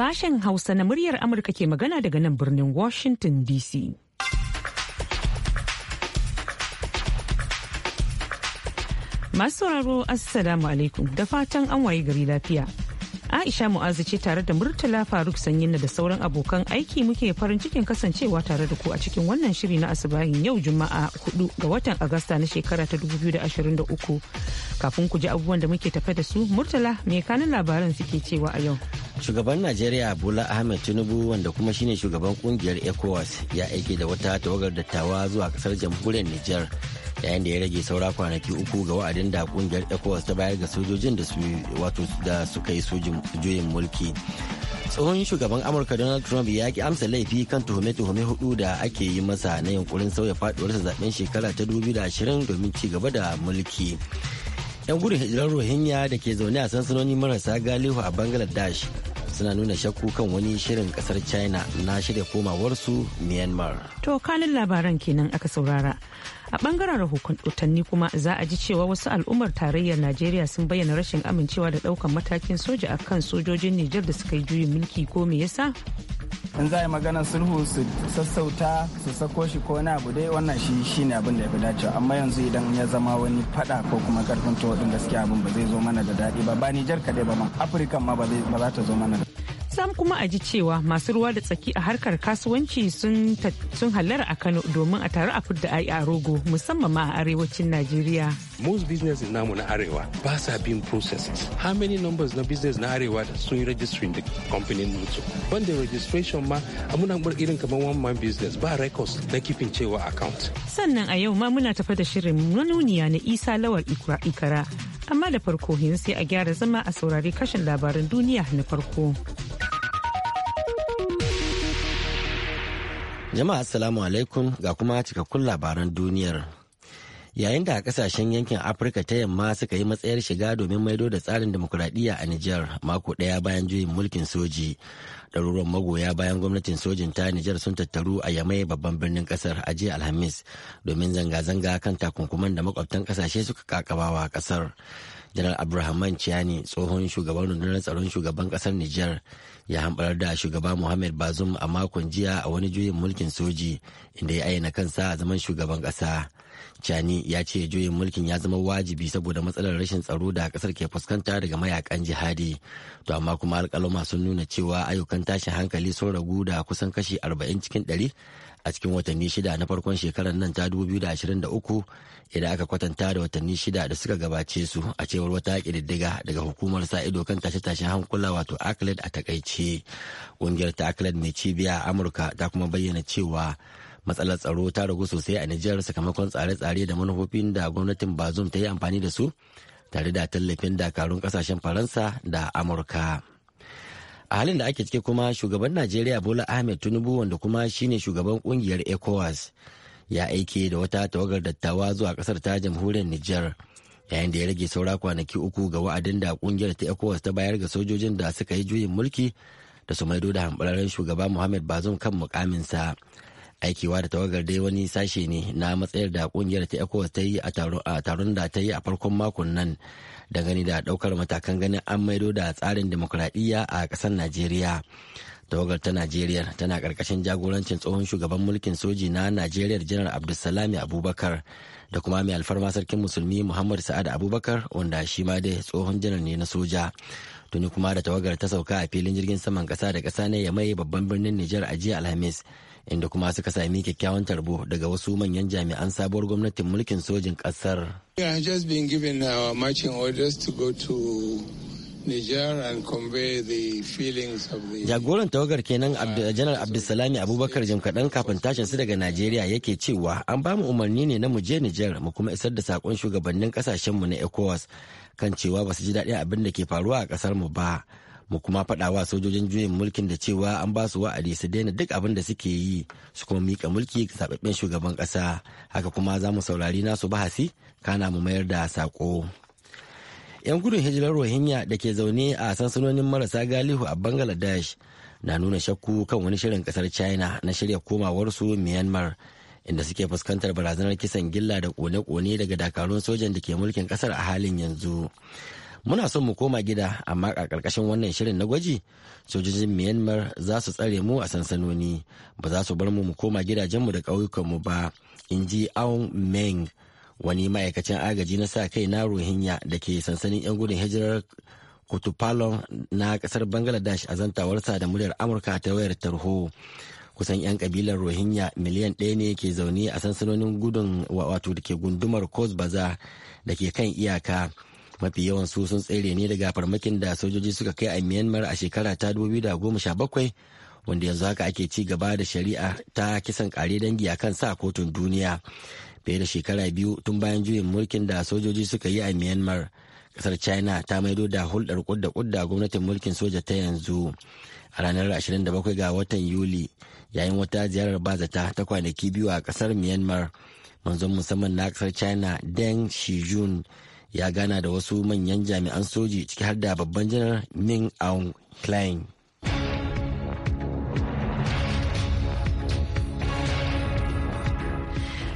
Sashen Hausa na muryar Amurka ke magana daga nan birnin Washington DC. Masu sauraro Assalamu alaikum da fatan an waye gari lafiya. Aisha Mu'azu ce tare da Murtala Faruk na da sauran abokan aiki muke farin cikin kasancewa tare da ku a cikin wannan shiri na asibahin yau Juma'a 4 ga watan Agusta na shekara ta 2023. Kafin ku ji abubuwan da muke tafe da su, Murtala me kanin labaran suke cewa a yau. Shugaban Najeriya Bola Ahmed Tinubu wanda kuma shine shugaban kungiyar ECOWAS ya aike da wata tawagar dattawa zuwa kasar jamhuriyar Nijar yayin da ya rage saura kwanaki uku ga wa'adin da kungiyar ecowas ta bayar ga sojojin da wato da suka yi juyin mulki tsohon shugaban amurka donald trump ya ki amsa laifi kan tuhume-tuhume hudu da ake yi masa na yunkurin sauya faduwarsa zaben shekara ta 2020 domin ci gaba da mulki yan gudun hijirar rohingya da ke zaune a sansanoni marasa galihu a bangladesh suna nuna shakku kan wani shirin kasar china na shirya komawar su myanmar to kanin labaran kenan aka saurara a bangaren rahotanni kuma za a ji cewa wasu al'ummar tarayyar najeriya sun bayyana rashin amincewa da daukan matakin soja a kan sojojin nijar da suka yi juyin mulki ko me yasa in za a yi maganar sulhu su sassauta su sako shi ko wani abu dai wannan shi shi ne abin da ya fi dacewa amma yanzu idan ya zama wani fada ko kuma karfin tuwo din gaskiya abin ba zai zo mana da daɗi ba ba nijar kadai ba ma afirka ma ba za ta zo mana da sam kuma a ji cewa masu ruwa da tsaki a harkar kasuwanci sun halar a kano domin a tare a fudda ai e a rogo musamman ma a arewacin najeriya most business namu na arewa ba sa bin processes how many numbers na business na arewa da sun yi registering da company mutu wanda registration ma muna irin kamar one man business ba records na kifin cewa account sannan a yau ma muna tafa da shirin manuniya na isa lawal ikara amma da farko yanzu sai a gyara zama a saurari kashin labaran duniya na farko. Jama'a Assalamu alaikum ga kuma cikakkun labaran duniyar. Yayin da kasashen yankin Afirka ta yamma suka yi matsayar shiga domin maido da tsarin demokuraɗiyya a Nijar mako ɗaya bayan juyin mulkin soji. Ɗaruruwan magoya bayan gwamnatin sojin ta Nijar sun tattaru a Yamai babban birnin ƙasar a jiya Alhamis domin zanga-zanga kan takunkuman da makwabtan ƙasashe suka kakabawa ƙasar. Janar Abrahaman Ciani tsohon shugaban rundunar tsaron shugaban ƙasar Nijar ya hambarar da shugaba Muhammad bazum a makon jiya a wani juyin mulkin soji inda ya ayyana kansa a zaman shugaban ƙasa. Chani ya ce juyin mulkin ya zama wajibi saboda matsalar rashin tsaro da ƙasar ke fuskanta daga mayakan jihadi. To amma kuma alkalama sun nuna cewa ayyukan tashin hankali sun ragu da kusan kashi arba'in cikin 100 a cikin watanni shida na farkon shekarar nan ta 2023 idan aka kwatanta da watanni shida da suka gabace su a cewar wata kididdiga daga hukumar sa ido kan tashe-tashen hankula wato acled a takaice ƙungiyar ta acled mai cibiya amurka ta kuma bayyana cewa matsalar tsaro ta ragu sosai a nijar sakamakon tsare-tsare da manufofin da gwamnatin bazum ta yi amfani da su tare da tallafin dakarun kasashen faransa da amurka. a halin da ake ciki kuma shugaban najeriya bola ahmed tinubu wanda kuma shine shugaban kungiyar ecowas ya aike da wata tawagar dattawa zuwa kasar ta jamhuriyar niger yayin da ya rage saura kwanaki uku ga wa'adin da kungiyar ta ecowas ta bayar ga sojojin da suka yi juyin mulki da su maido da hambararren shugaba muhammad bazum kan mukaminsa. aikiwa da tawagar dai wani sashe ne na matsayar da kungiyar ta ecowas ta yi a taron da ta yi a farkon makon nan da gani da daukar matakan ganin an maido da tsarin demokuraɗiyya a ƙasar najeriya tawagar ta najeriya tana karkashin jagorancin tsohon shugaban mulkin soji na najeriya janar abdulsalami abubakar da kuma mai alfarma sarkin musulmi muhammad sa'ad abubakar wanda shi ma dai tsohon janar ne na soja tuni kuma da tawagar ta sauka a filin jirgin saman ƙasa da ƙasa ne ya mai babban birnin nijar a jiya alhamis inda kuma suka sami kyakkyawan tarbo daga wasu manyan jami'an sabuwar gwamnatin mulkin sojin kasar. Jagoran tawagar kenan Janar Abdulsalami Abubakar jim kaɗan kafin tashin su daga Najeriya yake cewa an ba mu umarni ne na mu je Nijar mu kuma isar da saƙon shugabannin ƙasashenmu na ECOWAS kan cewa ba su ji daɗin abin da ke faruwa a ƙasar mu ba. mu kuma faɗawa sojojin juyin mulkin da cewa an ba su wa'adi su daina duk abin da suke yi su kuma mika mulki ga sababbin shugaban ƙasa haka kuma za mu saurari nasu bahasi kana mu mayar da saƙo. 'yan gudun hijirar rohingya da ke zaune a sansanonin marasa galihu a bangladesh na nuna shakku kan wani shirin kasar china na shirya komawarsu myanmar inda suke fuskantar barazanar kisan gilla da kone-kone daga dakarun sojan da ke mulkin kasar a halin yanzu muna son mu koma gida amma a ƙarƙashin wannan shirin na gwaji sojojin myanmar za su tsare mu a sansanoni ba za su bar mu mu koma gidajenmu da ƙauyukanmu ba in ji aung meng wani ma'aikacin agaji na sa kai na rohingya da ke sansanin 'yan gudun hijirar kutupalon na kasar bangladesh a zantawarsa da muryar amurka ta wayar tarho kusan 'yan kabilar rohingya miliyan ɗaya ne ke zaune a sansanonin gudun wato da ke gundumar coast baza da ke kan iyaka mafi yawan su sun tsere ne daga farmakin da sojoji suka kai a myanmar a shekara ta 2017 wanda yanzu haka ake ci gaba da shari'a ta kisan kare dangi a kan sa kotun duniya fiye da shekara biyu tun bayan juyin mulkin da sojoji suka yi a myanmar kasar china ta maido da hulɗar kudda kudda gwamnatin mulkin soja ta yanzu a ranar 27 ga watan yuli yayin wata ziyarar bazata ta kwanaki biyu a kasar myanmar manzon musamman na kasar china deng shijun ya gana da wasu manyan jami'an soji ciki har da babban janar Ming Aung klein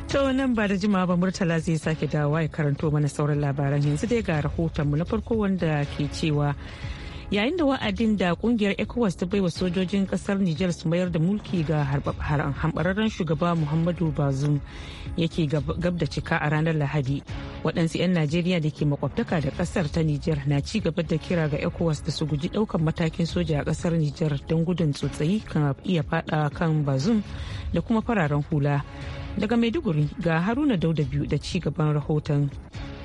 To nan ba da jimawa ba Murtala zai sake dawowa ya karanto mana sauran labaran yanzu dai ga rahotonmu na farko wanda ke cewa yayin da wa'adin da kungiyar ecowas ta baiwa sojojin kasar niger su mayar da mulki ga hambararren shugaba muhammadu bazum yake gab da cika a ranar lahadi waɗansu 'yan najeriya da ke makwabtaka da kasar ta niger na ci gaba da kira ga ecowas da su guji ɗaukar matakin soja a kasar niger don gudun tsotsayi kan iya fada kan bazum da kuma fararen hula daga maiduguri ga haruna dauda biyu da ci gaban rahoton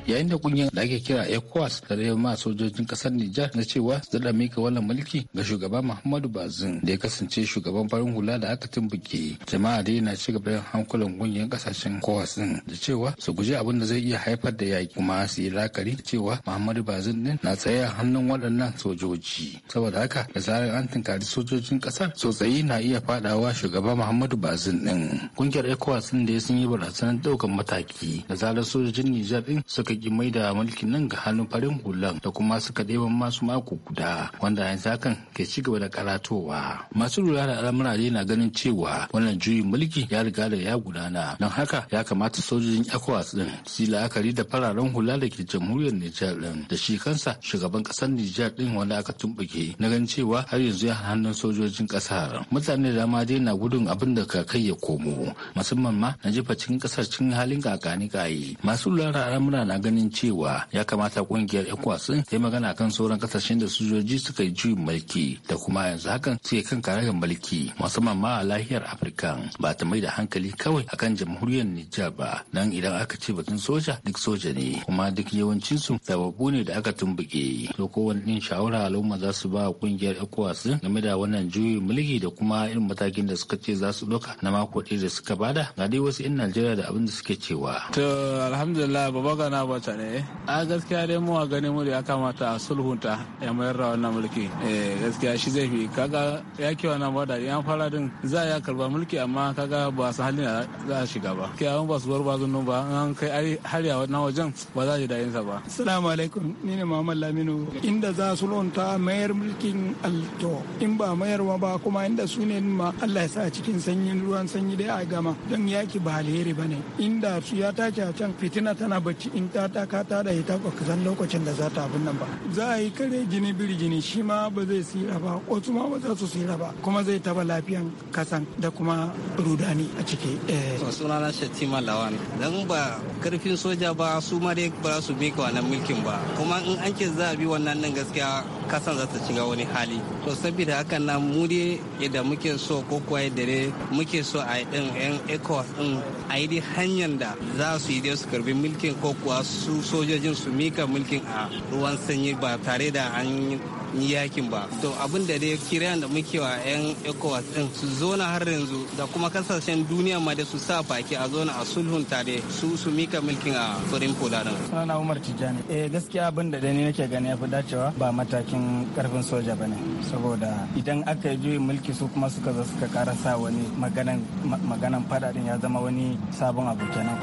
yayin da kungiyar da ake kira ecowas ta ma sojojin kasar nijar na cewa su da mika wannan mulki ga shugaban muhammadu bazin da ya kasance shugaban farin hula da aka tumbuke jama'a dai na ci gaba hankulan kungiyar kasashen ecowas din da cewa su guji abin da zai iya haifar da yaki kuma su yi lakari cewa muhammadu bazin din na tsaye a hannun waɗannan sojoji saboda haka da zarar an tunkari sojojin kasar tsotsayi na iya faɗawa shugaban muhammadu bazin din kungiyar ecowas din da ya sun yi barazanar ɗaukar mataki da zarar sojojin nijar din suka ki mai da mulkin nan ga hannun farin hulan da kuma suka ɗeban masu mako guda wanda yanzu hakan ke ci gaba da karatowa masu lura da al'amura dai na ganin cewa wannan juyin mulki ya riga da ya gudana don haka ya kamata sojojin ecowas din su la'akari da fararen hula da ke jamhuriyar nijar din da shi kansa shugaban ƙasar nijar din wanda aka tumɓuke na ganin cewa har yanzu ya hannun sojojin ƙasar mutane da dama dai na gudun abin da ka kai ya komo musamman ma na jefa cikin kasar cikin halin kakani kayi masu lura da al'amura na ganin ganin cewa ya kamata kungiyar ECOWAS ta yi magana kan sauran kasashen da sojoji suka yi juyin mulki da kuma yanzu hakan suke kan karagar mulki musamman ma a lahiyar Afirka ba ta mai da hankali kawai akan jamhuriyar Nijar ba nan idan aka ce batun soja duk soja ne kuma duk yawancinsu sababbu ne da aka tumbuke to kowane din shawara al'umma za su ba kungiyar ECOWAS game da wannan juyin mulki da kuma irin matakin da suka ce za su ɗauka na mako ɗaya da suka bada ga dai wasu 'yan Najeriya da abin da suke cewa. To alhamdulillah babagana ba wata ne a gaskiya dai mu a gani mu ya kamata a sulhunta ya mayar da wannan mulki eh gaskiya shi zai fi kaga ya ke wannan bada yan fara din za ya karba mulki amma kaga ba su halin da za a shiga ba ke ba su bar bazun nan ba an kai har ya wannan wajen ba za a ji daɗin sa ba assalamu alaikum ni ne Muhammad Laminu inda za su lunta mayar mulkin alto in ba mayarwa ba kuma inda su ne ma Allah ya sa cikin sanyin ruwan sanyi dai a gama don yaki ba alheri bane inda su ya tace a can fitina tana bacci in ta kata kata da ita ba lokacin da za ta abin nan ba za a yi kare jini biri jini shi ma ba zai sira ba wasu ma ba za su tsira ba kuma zai taba lafiyan kasan da kuma rudani a ciki eh. sunana shatima lawan dan ba karfin soja ba su ma dai ba su mika wannan mulkin ba kuma in an ce za a bi wannan nan gaskiya kasan za ta shiga wani hali to saboda haka na mu dai yadda muke so ko kuwa yadda muke so a yi din yan ecos din a yi hanyar da za su yi dai su karbi mulkin ko kuwa su sojojin su mika mulkin a ruwan sanyi ba tare da an yakin ba to abin da dai kiran da muke wa 'yan ecowas din su zona har yanzu da kuma kasashen duniya ma da su sa baki a zona a sulhun tare su su mika mulkin a furin pola din sunana umar tijjani eh gaskiya abin da dai nake gani ya fi dacewa ba matakin karfin soja bane saboda idan aka juyi mulki su kuma suka zo suka karasa wani maganan maganan fada din ya zama wani sabon abu kenan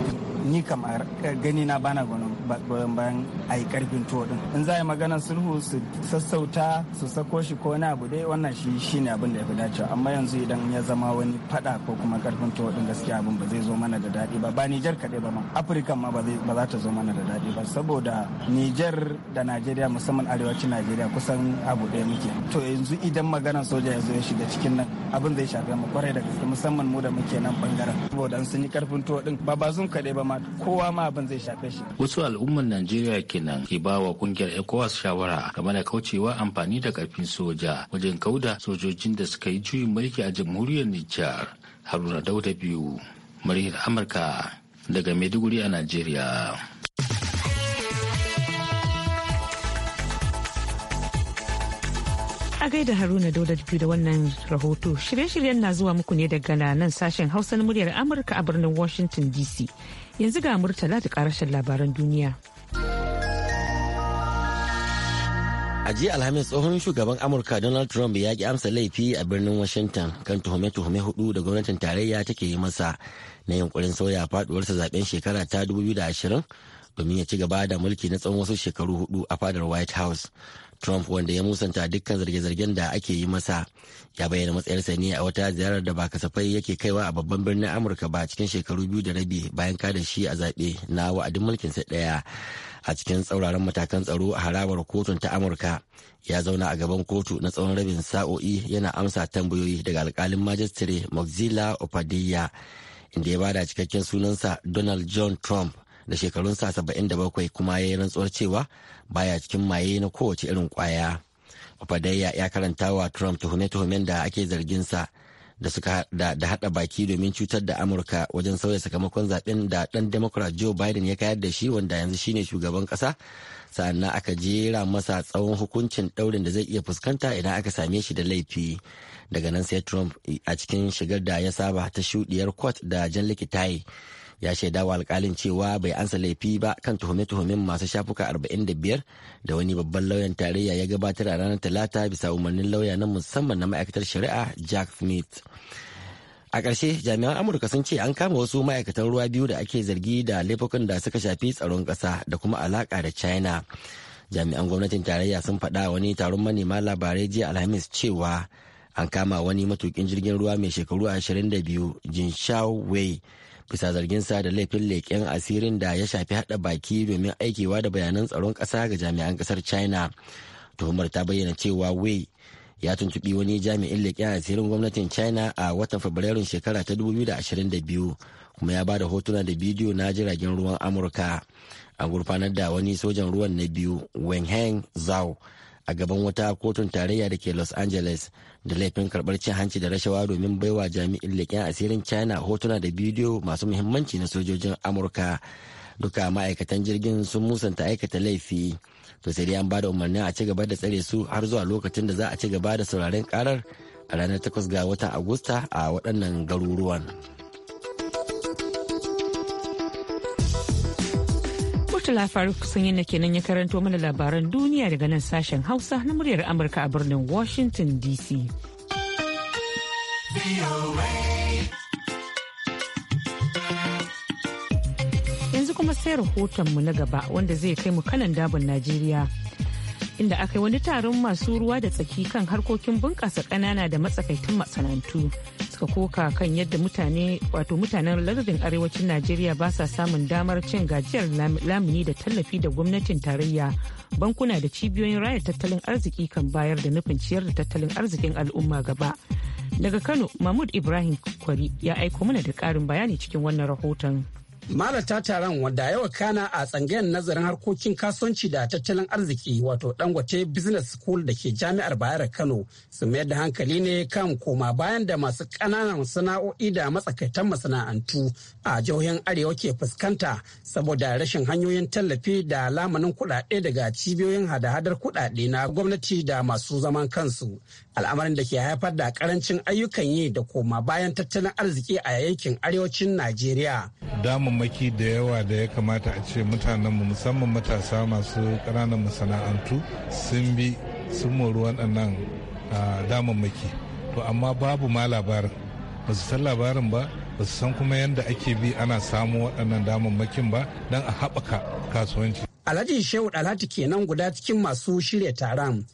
ni kamar gani na bana gonon. goyon bayan a yi karfin tuwo din in za a yi maganar sulhu su sassauta su sako shi ko wani abu dai wannan shi shine abin da ya fi dacewa amma yanzu idan ya zama wani fada ko kuma karfin tuwo din gaskiya abin ba zai zo mana da daɗi ba ba Nijar kaɗai ba ma Afirka ma ba za ta zo mana da daɗi ba saboda Nijar da Najeriya musamman arewacin Najeriya kusan abu ɗaya muke to yanzu idan maganar soja ya zo ya shiga cikin nan abin zai shafe mu kwarai da gaske musamman mu da muke nan bangaren saboda sun yi karfin tuwo din ba ba sun kaɗai ba ma kowa ma abin zai shafe shi wasu al'ummar Najeriya kenan ke ba wa kungiyar ECOWAS shawara game da kaucewa amfani da karfin soja wajen kauda sojojin da suka yi juyin mulki a jamhuriyar Nijar. Haruna Dauda biyu, muryar Amurka daga Maiduguri a Najeriya. A gaida Haruna Dauda biyu da wannan rahoto shirye-shiryen na zuwa muku ne daga nan sashen Hausa na muryar Amurka a birnin Washington DC. Yanzu ga Murtala da karashen labaran duniya. A jiya Alhamis tsohon shugaban Amurka Donald Trump ya ki amsa laifi a birnin Washington kan tuhume-tuhume hudu da gwamnatin tarayya take yi masa na yunkurin sauya faduwarsa zaben shekara ta 2020 domin ya ci gaba da mulki na tsawon wasu shekaru hudu a fadar White House. Trump wanda ya musanta dukkan zarge-zargen da ake yi masa ya bayyana matsayarsa ne a wata ziyarar da ba kasafai yake kaiwa a babban birnin Amurka ba cikin shekaru biyu da rabi bayan kada shi a zaɓe na wa'adin mulkinsa ɗaya a cikin tsauraran matakan tsaro a harabar kotun ta Amurka ya zauna a gaban kotu na tsawon rabin sa'o'i yana amsa tambayoyi daga alkalin majistare Moxila Opadiya inda ya bada cikakken sunansa Donald John Trump da shekarun sa shekarunsa bakwai kuma ya yi rantsuwar cewa baya cikin maye na kowace irin kwaya. fadayya ya karanta wa Trump tuhume-tuhumen da ake zarginsa da suka da, hada baki domin cutar da Amurka wajen sauya sakamakon zaben da dan Democrat Joe Biden ya kayar da shi wanda yanzu shine shugaban kasa sannan aka jera masa tsawon hukuncin daurin da zai iya fuskanta idan aka same shi da laifi daga nan sai Trump eh, a cikin shigar da ya saba ta shudiyar court da jan likitaye ya shaidawa alkalin cewa bai ansa laifi ba kan tuhume-tuhumen masu shafuka 45 da wani babban lauyan tarayya ya gabatar a ranar talata bisa umarnin lauya na musamman na ma'aikatar shari'a jack smith a ƙarshe jami'an amurka sun ce an kama wasu ma'aikatan ruwa biyu da ake zargi da laifukan da suka shafi tsaron ƙasa da kuma alaƙa da china jami'an gwamnatin tarayya sun faɗa wani taron manema labarai jiya alhamis cewa an kama wani matukin jirgin ruwa mai shekaru 22 jin wei bisa sa da laifin leƙen asirin da ya shafi haɗa baki domin aikewa da bayanan tsaron ƙasa ga jami'an ƙasar china tuhumar ta bayyana cewa wei ya tuntuɓi wani jami'in leƙen asirin gwamnatin china a watan fabrairun shekara ta 2022 kuma ya ba da hotuna da bidiyo na jiragen ruwan amurka a gurfanar da wani sojan ruwan na biyu wenheng zhao a gaban wata kotun tarayya da ke los angeles da laifin karbar cin hanci da rashawa domin baiwa jami'in leƙen asirin china hotuna da bidiyo masu muhimmanci na sojojin amurka duka ma'aikatan jirgin sun musanta aikata laifi to sai dai an bada umarnin a ci gaba da tsare su har zuwa lokacin da za a ci gaba da sauraren karar a ranar 8 ga watan agusta a waɗannan garuruwan. Murtala Faruk sun yi nan ya karanto mana labaran duniya daga nan sashen Hausa na muryar Amurka a birnin Washington DC. Yanzu kuma sai rahotonmu na gaba wanda zai kai mu kanan dabin Najeriya. inda aka yi wani taron masu ruwa da tsaki kan harkokin bunƙasa ƙanana da matsakaitun masana'antu suka koka kan yadda mutane wato mutanen lardin arewacin najeriya ba sa samun damar cin gajiyar lamuni da tallafi da gwamnatin tarayya bankuna da cibiyoyin raya tattalin arziki kan bayar da nufin ciyar da tattalin arzikin al'umma gaba daga kano mahmud ibrahim kwari ya aiko mana da ƙarin bayani cikin wannan rahoton. Malata taron wanda yawa kana a tsangayar nazarin harkokin kasuwanci da tattalin arziki wato dangote business school da ke jami'ar bayar kano su mayar da hankali ne kan koma bayan da masu ƙananan sana'o'i da matsakaitan masana'antu a jihohin arewa ke fuskanta saboda rashin hanyoyin tallafi da lamanin kuɗaɗe daga cibiyoyin hada-hadar kuɗaɗe na gwamnati da masu zaman kansu al'amarin da ke haifar da karancin ayyukan yi da koma bayan tattalin arziki a yankin arewacin najeriya. damammaki da yawa da ya kamata a ce mutanenmu musamman matasa masu ƙananan masana'antu sun bi sun mori waɗannan damammaki to amma babu ma labarin ba su san labarin ba ba su san kuma yadda ake bi ana samu waɗannan damammakin ba don a haɓaka kasuwanci alhaji shehu dalhati kenan guda cikin masu shirya taron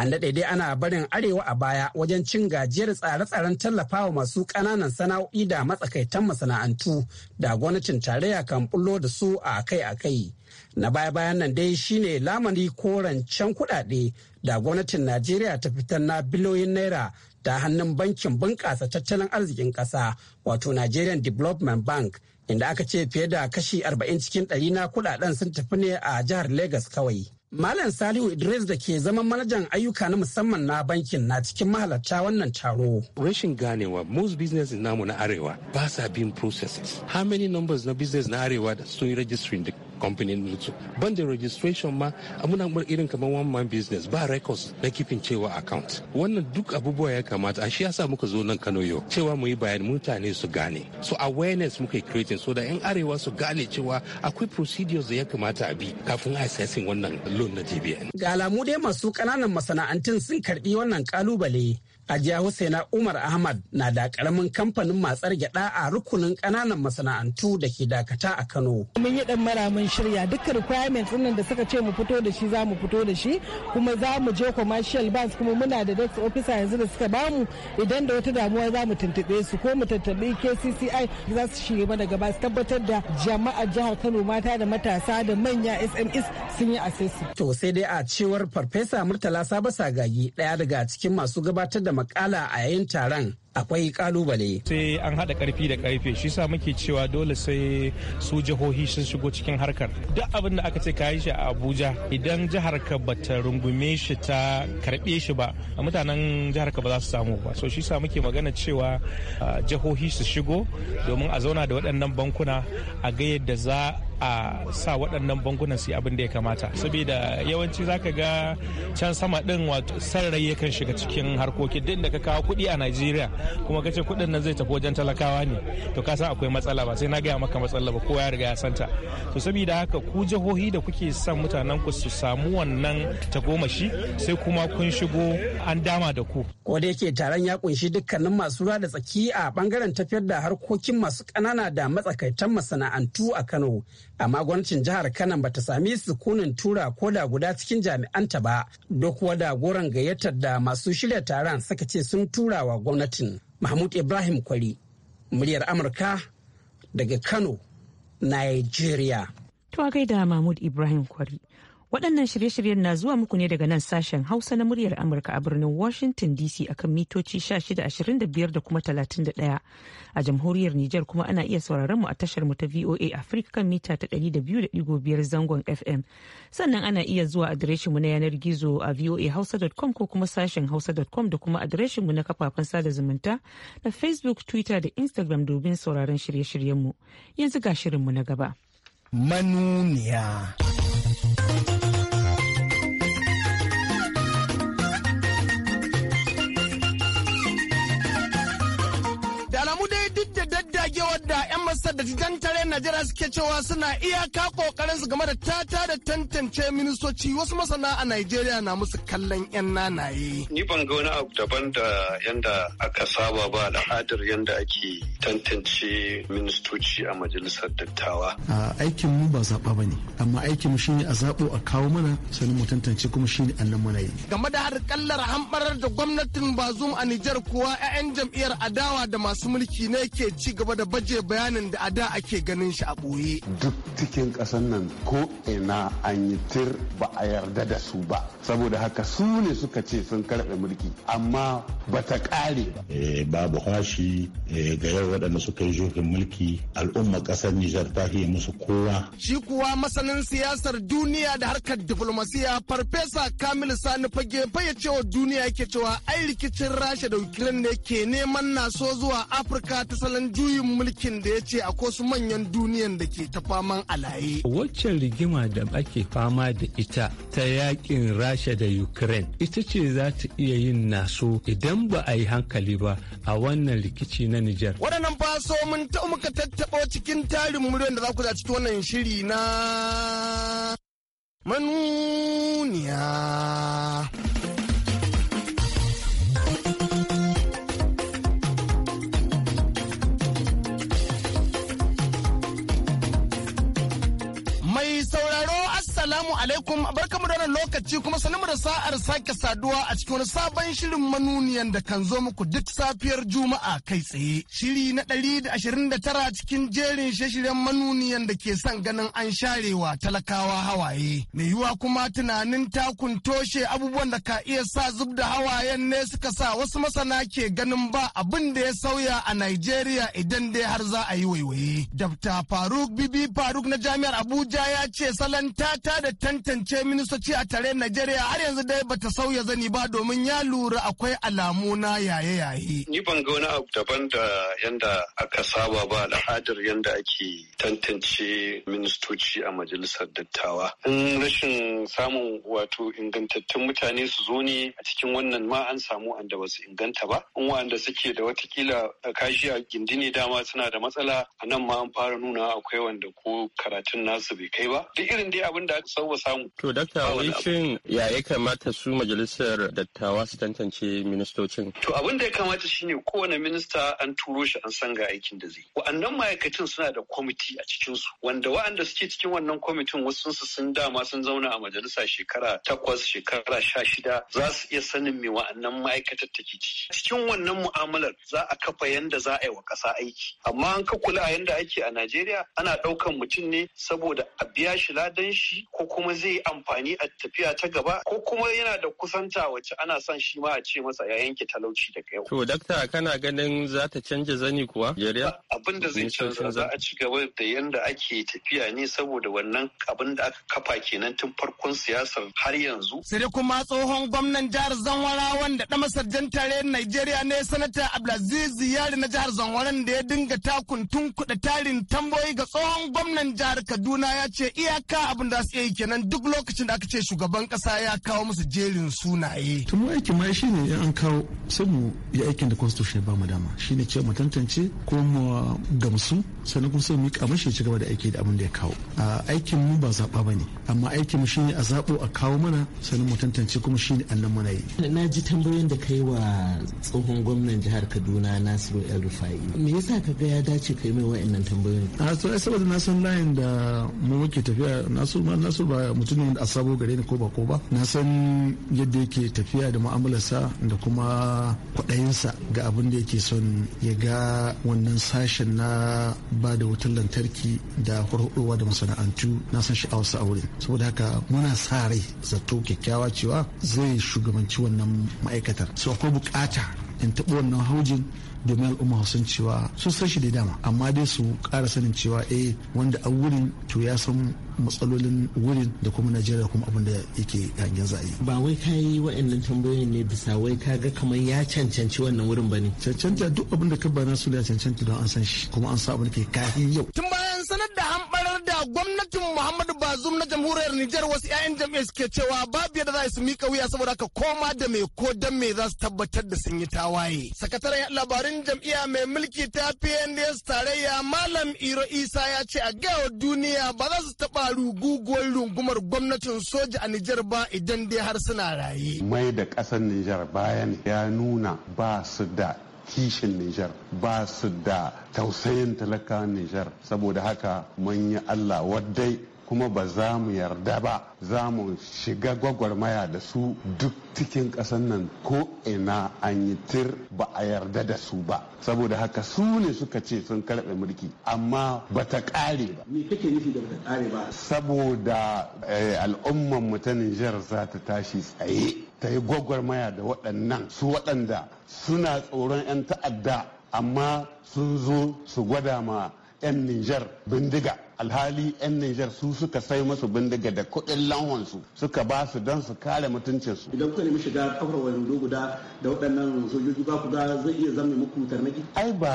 An daɗe dai ana barin arewa a baya wajen cin gajiyar tsare-tsaren tallafawa masu ƙananan sana'o'i da matsakaitan masana'antu da gwamnatin tarayya kan bullo da su a kai-a kai Na baya-bayan nan dai shine lamari ko rancen kuɗaɗe da gwamnatin Najeriya ta fitar na biliyoyin naira ta hannun bankin bunƙasa tattalin arzikin ƙasa wato Nigerian Development Bank inda aka ce fiye da kashi 40 cikin ɗari na kudaden sun tafi ne a jihar Legas kawai. Malam Salihu Idris da ke zaman manajan ayyuka na musamman na bankin na cikin mahalarta wannan taro. Rashin ganewa most business namu na arewa ba sa bin processes. How many numbers na business na arewa da sun yi registering kamfanin lutu ban da registration ma muna bar irin kamar one man business ba records na kifin cewa account wannan duk abubuwa ya kamata a shi yasa muka zo nan Kano yau cewa mu yi bayan mutane su gane so awareness muka yi creating so da yan arewa su gane cewa akwai procedures da ya kamata a bi kafin assessing wannan loan na JBN ga alamu dai masu kananan masana'antun sun karbi wannan kalubale Hajiya Husaina Umar Ahmad na da karamin kamfanin matsar gyada a rukunin kananan masana'antu da ke dakata a Kano. Mun yi dan mara shirya dukkan requirements din da suka ce mu fito da shi za mu fito da shi kuma za mu je commercial banks kuma muna da desk officer yanzu da suka bamu idan da wata damuwa za mu tuntube su ko mu tattabi KCCI za su shige mana gaba su tabbatar da jama'a jihar Kano mata da matasa da manya SMEs sun yi assessment. To sai dai a cewar Farfesa Murtala sabasa gagi daya daga cikin masu gabatar da makala a yayin taron akwai kalubale. sai an haɗa karfi da karfe shi sa muke cewa dole sai su jihohi sun shigo cikin harkar duk abin da aka ce ka yi shi a abuja idan jihar ka bata rungume shi ta karɓe shi ba mutanen jihar ka ba za su samu ba so shi sa muke magana cewa jihohi su shigo domin a zauna da waɗannan bankuna a ga yadda za a sa waɗannan bankunan su abin da ya kamata saboda yawanci zaka ga can sama ɗin wato sarrai yakan shiga cikin harkokin duk da ka kawo kuɗi a najeriya kuma kace kuɗin nan zai tafi wajen talakawa ne to ka san akwai matsala ba sai na gaya maka matsala ba kowa ya riga ya santa to saboda haka ku jihohi da kuke son mutanen ku su samu wannan ta tagomashi sai kuma kun shigo an dama da ku ko da yake taron ya kunshi dukkanin masu ruwa da tsaki a bangaren tafiyar da harkokin masu kanana da matsakaitan masana'antu a Kano amma gwamnatin jihar Kano ta sami sukunin tura ko da guda cikin jami'anta ba duk wada goron gayyatar da masu shirya taron suka ce sun tura wa gwamnatin Mahmud Ibrahim Kwari, muryar Amurka daga Kano, Nigeria. To gaida Mahmud Ibrahim Kwari. Waɗannan shirye-shiryen na zuwa muku ne daga nan sashen Hausa na muryar Amurka a birnin Washington DC akan mitoci 1625 da kuma 31. A jamhuriyar Nijar kuma ana iya sauraron mu a tashar mu ta VOA Africa kan mita ta 200.5 zangon FM. Sannan ana iya zuwa adireshinmu na yanar gizo a voa hausa.com ko kuma sashen hausa.com da kuma adireshinmu na kafafen sada zumunta na Facebook, Twitter da Instagram domin sauraron shirye shiryenmu Yanzu ga shirinmu na gaba. Manuniya. majalisar da tijan tare Najeriya suke cewa suna iyaka kokarin su game da tata da tantance ministoci wasu masana a Najeriya na musu kallon yan nanaye. Ni ban ga wani abu daban da yanda aka saba ba al'adar yanda ake tantance ministoci a majalisar dattawa. Aikin mu ba zaɓa ba ne, amma aikin mu shine a zaɓo a kawo mana sannan mu tantance kuma shine annan mana yi. Game da har kallar hambarar da gwamnatin Bazum a Nijar kuwa 'ya'yan jam'iyyar adawa da masu mulki ne ke ci gaba da baje bayanin tsarin da a da ake ganin shi a ɓoye. Duk cikin ƙasar nan ko ina an yi tir ba a yarda da su ba. Saboda haka su ne suka ce sun karɓe mulki amma ba ta ƙare ba. Eh, babu hashi eh, ga yau waɗanda suka yi jirgin mulki al'umma ƙasar Nijar ta fiye musu kowa. Shi kuwa masanin siyasar duniya da harkar diflomasiya Farfesa Kamilu Sani Fage fayyace wa duniya yake cewa ai rikicin Rasha da Ukraine ne ke neman naso zuwa Afirka ta salon juyin mulkin da ya ce a su manyan duniyan da ke ta faman alaye. Waccan rigima da ake fama da ita ta yakin Rasha da Ukraine ita ce za ta iya yin naso idan ba a yi hankali ba a wannan rikici na Nijar. Waɗannan faso mun ta muka tattaɓo cikin tarin muryan da za ku zaci wannan shiri na manuniya. alaikum barkamu da wannan lokaci kuma sanin da sa'ar sake saduwa a cikin wani sabon shirin manuniyan da kan zo muku duk safiyar Juma'a kai tsaye. Shiri na ɗari da ashirin da tara cikin jerin shirin manuniyan da ke son ganin an sharewa talakawa hawaye. Mai yiwuwa kuma tunanin takun toshe abubuwan da ka iya sa zub da hawayen ne suka sa wasu masana ke ganin ba abin da ya sauya a Najeriya idan dai har za a yi waiwaye. Dabta Faruk Bibi Faruk na Jami'ar Abuja ya ce salon tata da ta tantance ministoci a tare Najeriya har yanzu dai bata sauya zani ba domin ya lura akwai alamu na yaye-yaye. Ni ban ga wani abu daban da yanda aka saba ba al'adar yanda ake tantance ministoci a majalisar dattawa. In rashin samun wato ingantattun mutane su zo ne a cikin wannan ma an samu wanda ba su inganta ba. In wanda suke da watakila kashi a gindini dama suna da matsala a nan ma an fara nuna akwai wanda ko karatun nasu bai kai ba. Duk irin dai abin da aka sauwa samu. To dakta wai ya ya kamata su majalisar dattawa su tantance ministocin? To abin da ya kamata shine kowane minista an turo shi an san ga aikin da zai. Wa'annan ma'aikacin suna da kwamiti a cikinsu. wanda wa'anda suke cikin wannan kwamitin wasu su sun dama sun zauna a majalisa shekara takwas shekara sha shida za su iya sanin me wa'annan ma'aikatar take ciki. Cikin wannan mu'amalar za a kafa yanda za a yi wa ƙasa aiki. Amma an ka kula a yanda ake a Najeriya ana ɗaukan mutum ne saboda a biya shi ladan shi ko kuma kuma zai amfani a tafiya ta gaba ko kuma yana da kusanta wacce ana son shi ma a ce masa ya yanke talauci daga yau. To dakta kana ganin za ta canja zani kuwa? Jariya? Abin da zai canza za a ci gaba da yanda ake tafiya ne saboda wannan abin da aka kafa kenan tun farkon siyasar har yanzu. Sai kuma tsohon gwamnan jihar Zanwara wanda da masarjan tare Najeriya ne sanata Abdulaziz Yari na jihar Zanwaran da ya dinga takuntun tun kuɗa tarin tambayoyi ga tsohon gwamnan jihar Kaduna ya ce iyaka abin da su iya kenan sannan duk lokacin da aka ce shugaban kasa ya kawo musu jerin sunaye. Tun aiki ma shi ne an kawo sai mu yi aikin da constitution ya ba mu dama shi ne cewa mu tantance ko mu gamsu sannan kuma sai mu yi kamar shi ci gaba da aiki da abin da ya kawo. Aikin mu ba zaɓa ba ne amma aikin mu shi ne a zaɓo a kawo mana sannan mu tantance kuma shi ne annan mana yi. Na ji tambayoyin da kai wa tsohon gwamnan jihar Kaduna Nasiru El Rufai. Me yasa ka ga ya dace kai mai wa'annan tambayoyin? A to saboda na san layin da mu muke tafiya Nasiru ma Nasiru ba mutumin da asabo gare ni ko ba ko ba na san yadda yake tafiya da mu'amalarsa da kuma kwaɗayinsa ga abin da yake son ya ga wannan sashen na ba da wutar lantarki da hurhuɗowa da masana'antu na san sha'awarsa a wurin saboda haka muna sa rai zato kyakkyawa cewa zai shugabanci wannan ma'aikatar so akwai bukata in taɓa wannan haujin domin al'umma sun cewa sun san shi da dama amma dai su kara sanin cewa eh wanda a wurin to ya san matsalolin wurin da kuma najeriya kuma abin da yake hangen za'ayi ba wai ka yi wa'annan tambayoyin ne bisa wai ka ga kamar ya cancanci wannan wurin ba ne cancanta duk abin da ka bana su da cancanta don an san shi kuma an sa abin da ke kafin yau tun bayan sanar da gwamnatin Muhammadu Bazum na jamhuriyar Nijar wasu 'ya'yan jam'iyyar suke cewa babu yadda za su mika wuya saboda haka koma da mai ko dan me za su tabbatar da sun yi tawaye. Sakataren labarin jam'iyya mai mulki ta PNDS tarayya Malam Iro Isa ya ce a gawa duniya ba za su taɓa ruguguwar rungumar gwamnatin soja a Nijar ba idan dai har suna raye. Mai da ƙasar Nijar bayan ya nuna ba su da kishin Nijar ba su da tausayin talakawan Nijar saboda haka mun yi Allah waddai kuma ba za mu yarda ba za mu shiga gwagwarmaya da su duk cikin ƙasar nan ko ina an yi tir ba a yarda da su ba saboda haka su ne suka ce sun karɓe mulki amma ba ta ƙare ba me kake nufi da ba ta ƙare ba saboda eh, al'umman mu ta Nijar za ta tashi tsaye ta yi gwagwarmaya da waɗannan su waɗanda suna tsoron 'yan ta'adda amma sun zo su gwada ma 'yan Nijar bindiga alhali 'yan Nijar su suka sai masu bindiga da kuɗin lanwansu suka ba su don su kare mutuncinsu. Idan kuka nemi shiga kafar wando guda da waɗannan sojoji ba ku ga zai iya zama muku tarnaki. Ai ba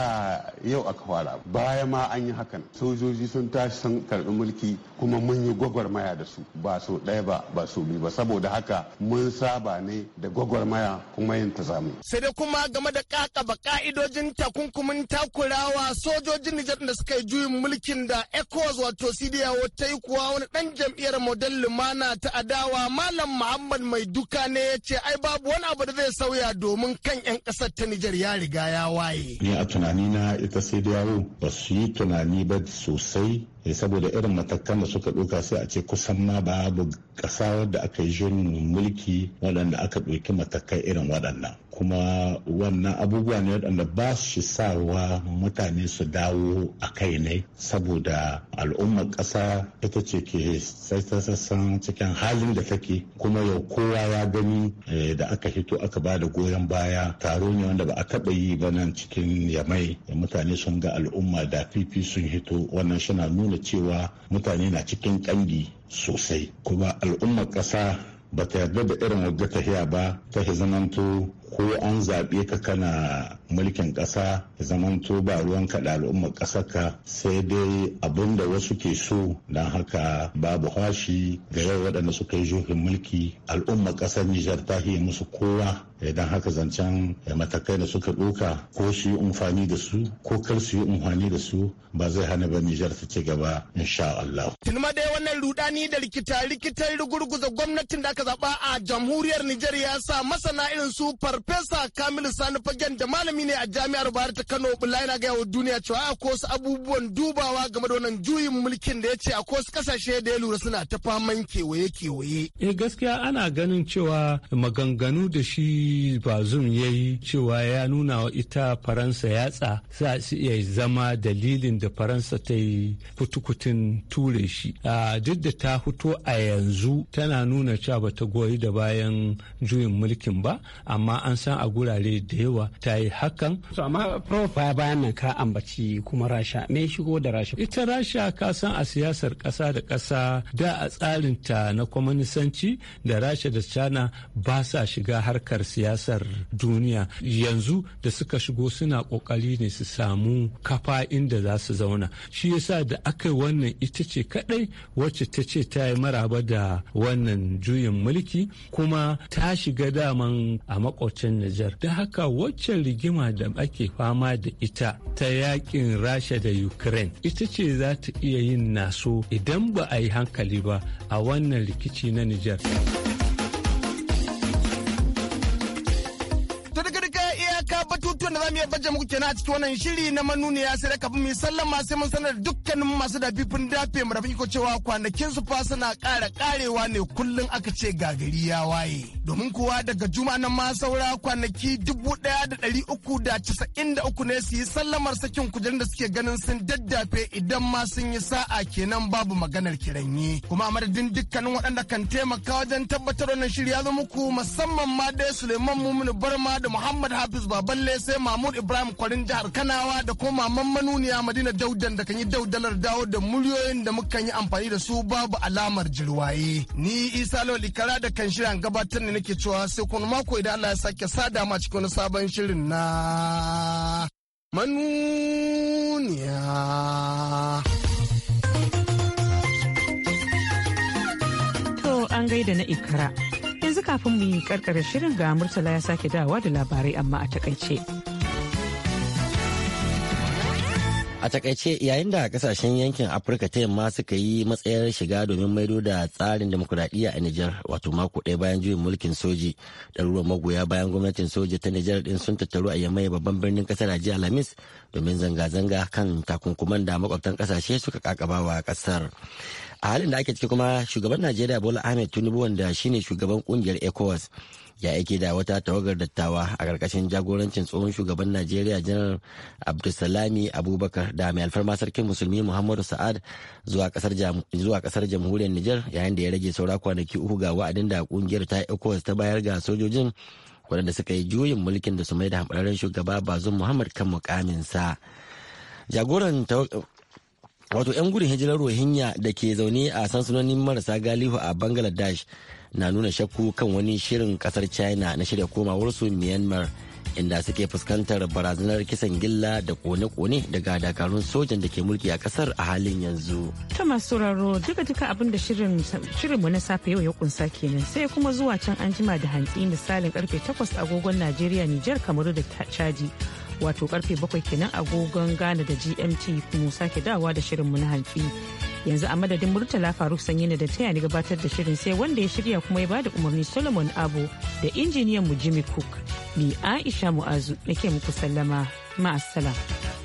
yau aka fara baya ma an yi hakan sojoji sun tashi sun karɓi mulki kuma mun yi gwagwarmaya da su ba so ɗaya ba ba so biyu ba saboda haka mun saba ne da gwagwarmaya kuma yin tazami. Sai dai kuma game da kakaba ka'idojin takunkumin takurawa sojojin Nijar da suka yi juyin mulkin da ECOWAS Jos wato Sidiya ta yi kuwa wani ɗan jam'iyyar model lumana ta adawa Malam Muhammad Mai Duka ne ya ce ai babu wani abu da zai sauya domin kan 'yan ƙasar ta Nijar ya riga ya waye. Ni a tunanina ita Sidiyawo ba su yi tunani ba sosai Eh, saboda irin matakan da suka ɗauka sai a ce kusan ma babu ƙasa da aka yi shirin mulki waɗanda aka ɗauki matakai irin waɗannan kuma wannan abubuwa ne waɗanda ba shi sawa mutane su dawo a kai ne saboda al'ummar ƙasa ita ce ke sassan cikin halin da take kuma yau kowa ya gani eh, da aka hito aka ba da goyon baya taro ne wanda ba a taɓa yi ba nan cikin yamai mutane sun ga al'umma da fifi sun hito wannan shi na nuna nuna cewa mutane na cikin kangi sosai kuma al'ummar ƙasa ba ta yarda da irin wajen tahiya ba ta zamanto ko an zaɓe ka kana mulkin ƙasa zaman to ba ruwan kaɗa al'ummar ƙasar ka sai dai abin da wasu ke so don haka babu hashi ga yau waɗanda suka yi juhin mulki al'ummar ƙasar Nijar ta yi musu kowa idan eh, haka zancen eh, matakai da suka ɗoka ko su yi amfani da su ko kar su yi amfani da su ba zai hana ba Nijar ta ci gaba insha Allah. tunuma dai wannan rudani da rikita rikitar rugurguza gwamnatin da aka zaɓa a jamhuriyar Nijar ya sa masana irin su farfesa kamilu sani fagen da malami ne a jami'ar bayar ta kano bulai yana gaya wa duniya cewa akwai wasu abubuwan dubawa game da wannan juyin mulkin da ya ce akwai wasu kasashe da ya lura suna ta faman kewaye kewaye. eh gaskiya ana ganin cewa maganganu da shi bazum ya yi cewa ya nuna wa ita faransa yatsa za su iya zama dalilin da faransa ta yi kutukutun ture shi duk da ta fito a yanzu tana nuna cewa ta goyi da bayan juyin mulkin ba amma an san a gurare da yawa ta yi hakan. So, amma prof baya bayan nan ka ambaci kuma rasha me shigo da rasha. Ita rasha ka san a siyasar kasa da kasa da a tsarin ta na kwamanisanci da rasha da china ba sa shiga harkar siyasar duniya yanzu da suka shigo suna ƙoƙari ne su samu kafa inda za su zauna. Shi yasa da aka yi wannan ita ce kadai wacce ta ce ta yi maraba da wannan juyin mulki kuma ta shiga daman a makwabta arewacin Nijar. Da haka waccan rigima da ake fama da ita ta yakin Rasha da Ukraine ita ce za ta iya yin naso idan ba a yi hankali ba a wannan rikici na Nijar. iya baje muku kenan a cikin wannan shiri na manuniya sai da kafin mu sallama sai mun sanar dukkanin masu da bifin dafe mu rafi ko cewa kwanakin su fa suna ƙara ƙarewa ne kullun aka ce gagari ya waye. domin kuwa daga juma na ma saura kwanaki dubu daya da dari uku da casa'in da uku ne su yi sallamar sakin kujerun da suke ganin sun daddafe idan ma sun yi sa'a kenan babu maganar kiranyi kuma madadin dukkanin waɗanda kan taimaka wajen tabbatar wannan shiri ya zama muku musamman ma dai suleiman muminu barma da muhammad hafiz baballe sai mahmud ibrahim kwarin jihar kanawa da kuma maman manuniya madina daudan da kan yi daudalar dawo da muryoyin da mukan yi amfani da su babu alamar jirwaye ni isa lawal kara da kan shirin gabatar ne. nake cewa sai kuma mako idan Allah ya sake sada ma cikin sabon shirin na manuniya. To an gaida na ikara, Yanzu kafin mu yi karkara shirin ga Murtala ya sake dawa da labarai amma a takaice. A takaice yayin da kasashen yankin Afirka ta yamma suka yi matsayar shiga domin maido da tsarin demokuraɗiyya a Nijar wato mako ɗaya bayan juyin mulkin soji. Ɗaruruwan magoya bayan gwamnatin soji ta Nijar ɗin sun tattaru a yamma babban birnin ƙasar Ajiya Alhamis domin zanga-zanga kan takunkuman da makwabtan ƙasashe suka kakabawa ƙasar. A halin da ake ciki kuma shugaban Najeriya Bola Ahmed Tinubu wanda shine shugaban kungiyar ECOWAS ya aike da wata tawagar dattawa a ƙarƙashin jagorancin tsohon shugaban najeriya janar abdulsalami abubakar da mai alfarma sarkin musulmi muhammadu sa'ad zuwa ƙasar jamhuriyar nijar yayin da ya rage saura kwanaki uku ga wa'adin da ƙungiyar ta ecowas ta bayar ga sojojin waɗanda suka yi juyin mulkin da su mai da hamɓararren shugaba bazum muhammad kan mukaminsa jagoran wato 'yan gudun hijirar rohingya da ke zaune a sansanonin marasa galihu a bangladesh na nuna shakku kan wani shirin kasar china na shirya komawar su myanmar inda suke fuskantar barazanar kisan gilla da kone-kone daga dakarun sojan da ke mulki a kasar a halin yanzu. Ta masu sauraro duka duka abin da wani na safe yau ya kunsa kenan sai kuma zuwa can an jima da hantsi misalin karfe 8 agogon Najeriya Nijar Kamaru da Chadi wato karfe bakwai kenan agogon Ghana da GMT kuma sake dawa da mu na hantsi. Yanzu a madadin Murtala Faruk Sanyi da taya ni gabatar da shirin sai wanda ya shirya kuma ya bada umarni Solomon Abu da injiniyan mu Jimmy Cook. Ni Aisha Mu'azu nake muku sallama ma'asala.